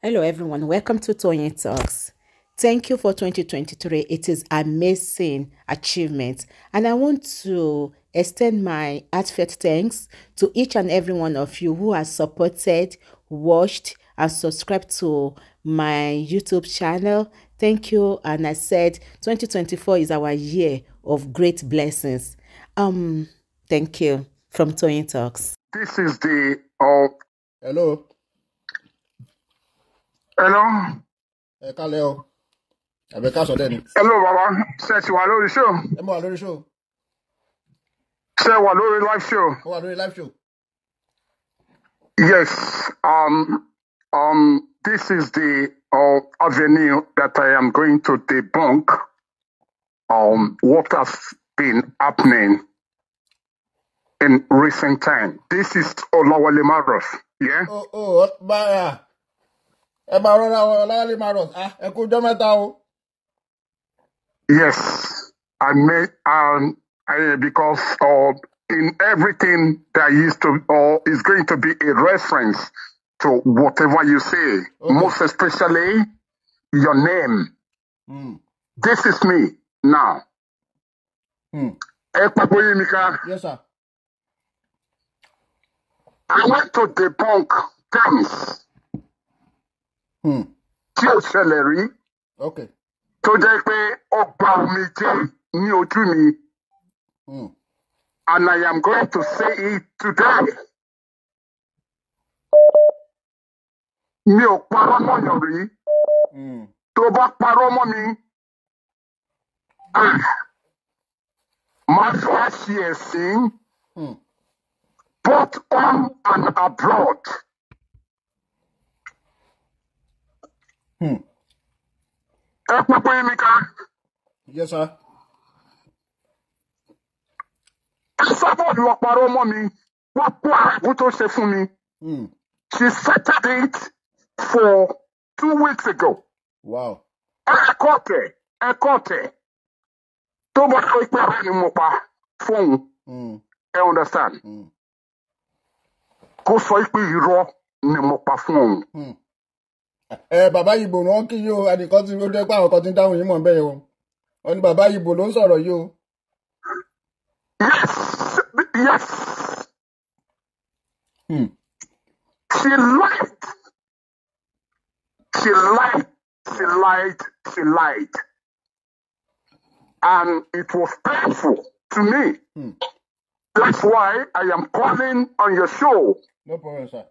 Hello everyone, welcome to Tony Talks. Thank you for 2023. It is amazing achievement and I want to extend my heartfelt thanks to each and every one of you who has supported, watched and subscribed to my YouTube channel. Thank you and I said 2024 is our year of great blessings. Um thank you from Tony Talks. This is the oh, Hello Hello. Ẹ kálẹ̀ o. Àbẹ̀ ká sọ dẹ́ Hello bàbá, ṣe ti wà lórí show. Ẹ mọ̀ wà lórí show. Ṣé wà lórí live show? Ó wà lórí live show. Yes, um, um, this is the uh, avenue that I am going to debunk um, what has been happening in recent time. This is Olawale Maros. yeah? Oh, oh, what Baya. Ah. yes i made um, I, because uh, in everything that used to or uh, is going to be a reference to whatever you say okay. most especially your name mm. this is me now. Hmm. yes sir. I want to debunk things. tí hmm. ò ṣẹlẹ̀ rí tó jẹ́ pé ó gba omijé ní ojú mi hmm. and I am going to say it today. Mi ò parọ́ mọ́yàn rí hmm. tó bá parọ́ mọ́ mi máa fi wá ṣe both home and abroad. ẹ pópó yín mi ká. yes sir. Sábọ̀dù wọ́n parọ́ mọ́ mi, wọ́n kó àrùn tó ṣe fún mi. Hmm. She settled it for two weeks ago. Ẹ̀kọ́ tẹ̀ ẹ̀kọ́ tẹ̀ tó bá ṣe pé ọ̀rẹ́ ni mo pa fóun hmm. ẹ understand. Hmm. Kó sọ pé irọ́ ni mo pa fún Mm ẹ bàbá ìbò wọn kí yóò adìkan tí ó dẹ́ pé àwọn kan ti ń dáhùn yín mọ̀ bẹ́ẹ̀ o wọn ni bàbá ìbò ló ń sọ̀rọ̀ yìí o. yes hmm. she lied she lied she lied she lied and it was painful to me. Hmm. That's why I am calling on your show. No problem, sir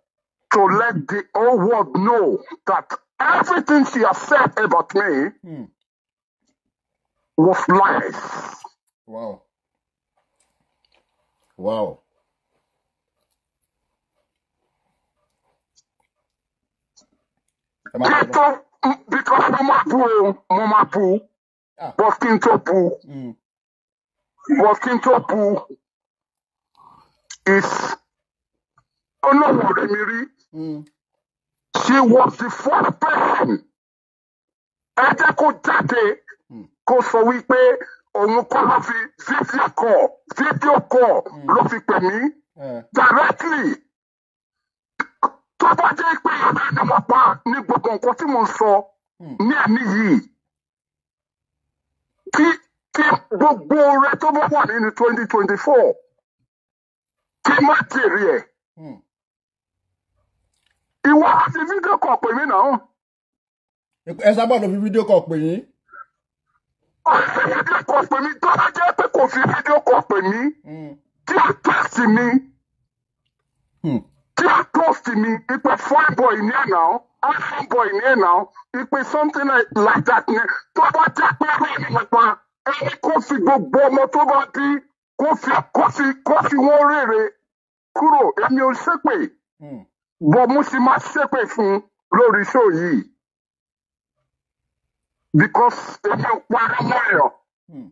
to let the whole world know that everything she has said about me mm. was lies. Wow. Wow. Kẹ́tọ́ because Mama máa bú o, mo máa bú, bọ́ kí n tó bú, is olówó rẹ̀ mi rí. Mm. She was the first person. Ẹ jẹ́ kó jáde mm. kó sọ wípé òun kọ́ ló fi fídíò kọ̀ fídíò kọ̀ mm. ló fi pè mí eh. directly. Tó bá jẹ́ pé ìyàrá ni mo pa ní gbogbo nǹkan tí mo sọ ní ẹ̀mí yìí. Kí kí gbogbo rẹ tó bá wà nínú twenty twenty four kí má jèrè ẹ̀ ìwọ láti fídíò kọ̀ pè mí náà. ẹ sábà lọ fi video kọ̀ pè yín. ó fi fídíò kọ̀ pè mí tó bá jẹ́ pé kò fi fídíò kọ̀ pè mí kí hmm. a tẹ̀sí mi kí hmm. a tọ́sí mi ìpè fine boy ní ẹ̀ náà iphone boy ní ẹ̀ náà ìpè something like that ní tó bá jẹ́ pé ẹ̀rọ ìgbàgbà ẹni kó fi gbogbo ọmọ tó bá bí kó fi kó fi wọ́n rèrè kúrò èmi ò ṣépè. Hmm bọ̀mú sì máa ṣépè fún lórí ṣó yìí because èmi ò parọ́ mọ́ hmm.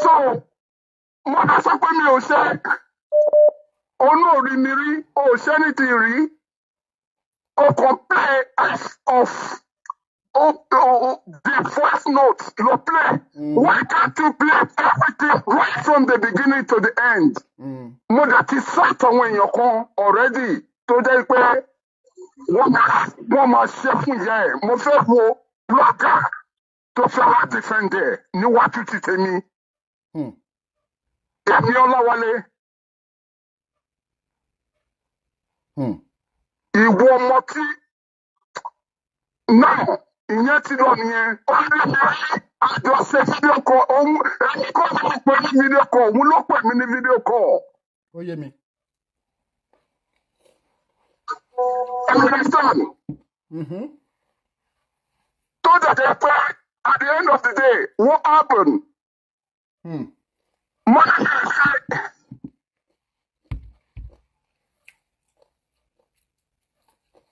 so mo bá sọ pé mi ò ṣe olóòrí mi rí ò ní ti rí o kàn play as of o, o, the first note lo play mm. why can't you play people right from the beginning to the end. Mm. mo dà ti sack àwọn èèyàn kan already tó jẹ́ pé wọ́n máa ṣe fún ìyá ẹ̀ mo fẹ́ wo blọ́gà tó fẹ́ wá dìfẹ́ǹdẹ̀ níwájú ti tèmi. Hmm. èmi ọláwálé. Hmm. ìwọ ọmọ tí náà ìyẹn ti lọ nìyẹn ó ní ìyẹn àjọ ṣe fídíò kọ òun ẹni kọ́ ló pè ní fídíò kọ òun ló pè mí ní fídíò kọ. ó yé mi. understand. Mm-hmm. tó dàtẹ́ pé at the end of the day what happen. mọ́nà hmm. yẹn ṣe.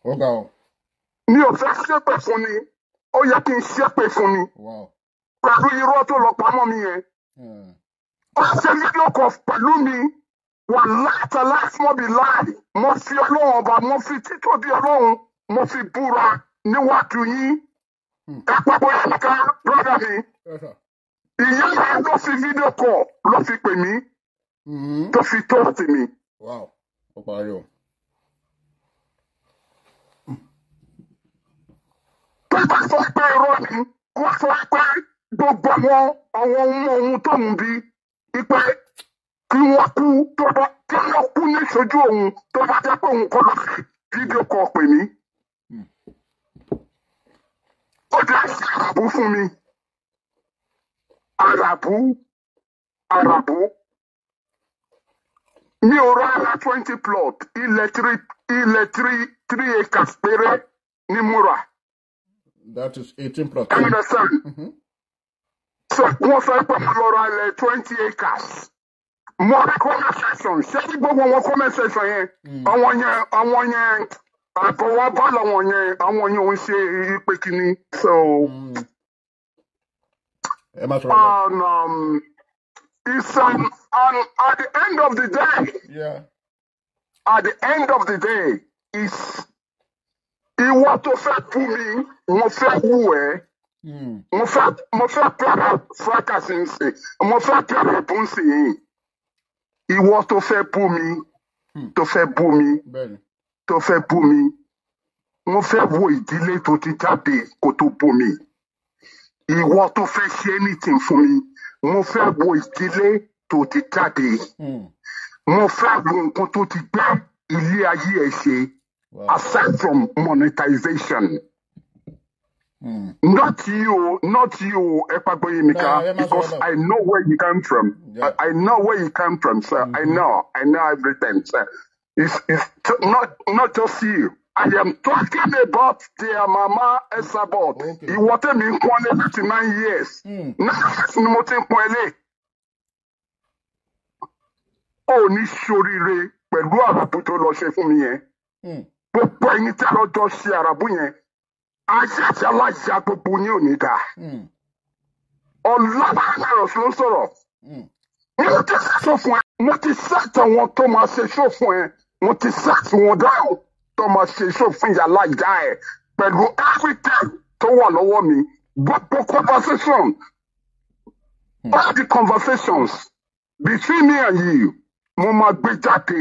ó ga ọ. mi ò fẹ́ ṣépè fún ni ó yẹ kí n ṣépè fún ni. Wow pẹ̀lú irọ́ tó lọ pamọ́ mi yẹn. ó ṣe fídíò pẹ̀lú mi wà láta láti mọ́ bí láàyè mo fi ọlọ́run ọba mo fi títóbi ọlọ́run mo fi búra níwájú yín. Hmm. ẹ pàpọ̀ yàtọ̀ brọ́dà mi. ìyá mi ló fi fídíò kan ló fi pè mí hmm. tó fi tọ́ọ̀tì mi. Wow. Ọba sọ pé irọ́ ni kó sọ pé gbogbo àwọn àwọn ọmọ ohun tóun bí ipe kí wọ́n kú tó bá kí wọ́n kú níṣojú òun tó bá jẹ́ pé òun kọ́ lọ sí fídíò kọ́ pè mí. ó jẹ́ àràbù fún mi àràbù àràbù mi ò ara twenty plot ilẹ̀ three ilẹ̀ three three acres péré ni mo that is eighteen plot. I sọ wọ́n fẹ́ gbà mí lọ́rọ̀ alẹ́ twenty acres mo rí comment section ṣé ní gbogbo wọn comment section yẹn hmm. àwọn yẹn àwọn yẹn àtọwọ́ bọ́ọ̀lù àwọn yẹn àwọn yẹn ò ń ṣe ìpè so. Hmm. ẹ má sọ̀rọ̀ lọ. Um, at the end of the day. Yeah. At the end of the day, it's ìwọ tó fẹ́ bú mi, mo fẹ́ wù ẹ́ mɔfra hmm. klara fracas nse mɔfra klara tó ń sèé ìwọ tó fẹ́ bú mi hmm. tó fẹ́ bú mi tó fẹ́ bú mi mo fẹ́ wo ìdílé tó ti jáde kó tó bú mi ìwọ tó fẹ́ ṣe anything fún mi mo fẹ́ wo ìdílé to ti jáde hmm. mo fẹ́ wo nǹkan to ti gbé ilé ayé ẹ̀ ṣe aside from monetization. Mm. Mm. Not you, not you, Epago Yimika, no, because I know where you come from. Yeah. I, I, know where you come from, sir. Mm-hmm. I know, I know everything, sir. It's, it's t- not, not just you. I am talking about their mama Esabot. Okay. He wanted me in 39 years. Mm. Now, that's not in Ó ní ṣoríire pẹ̀lú àràbù tó lọ ṣe fún mi yẹn. Mm. Gbogbo ẹ̀yin tí a lọ jọ ṣe àràbù yẹn aṣáṣá aláṣá gbogbo ní òníta hmm. ọlábàárà ọ̀sùn ló sọ̀rọ̀ hmm. mo ti sàtò fún ẹ mo ti sàtò wọn tó máa ṣe ṣó fún ẹ mo ti sàtò wọn dáhùn tó máa ṣe ṣó fún yàrá ìjà ẹ pẹ̀lú áfíríkà tó wà lọ́wọ́ mi gbogbo conversation hmm. all the conversations between me and you mo máa gbé jáde.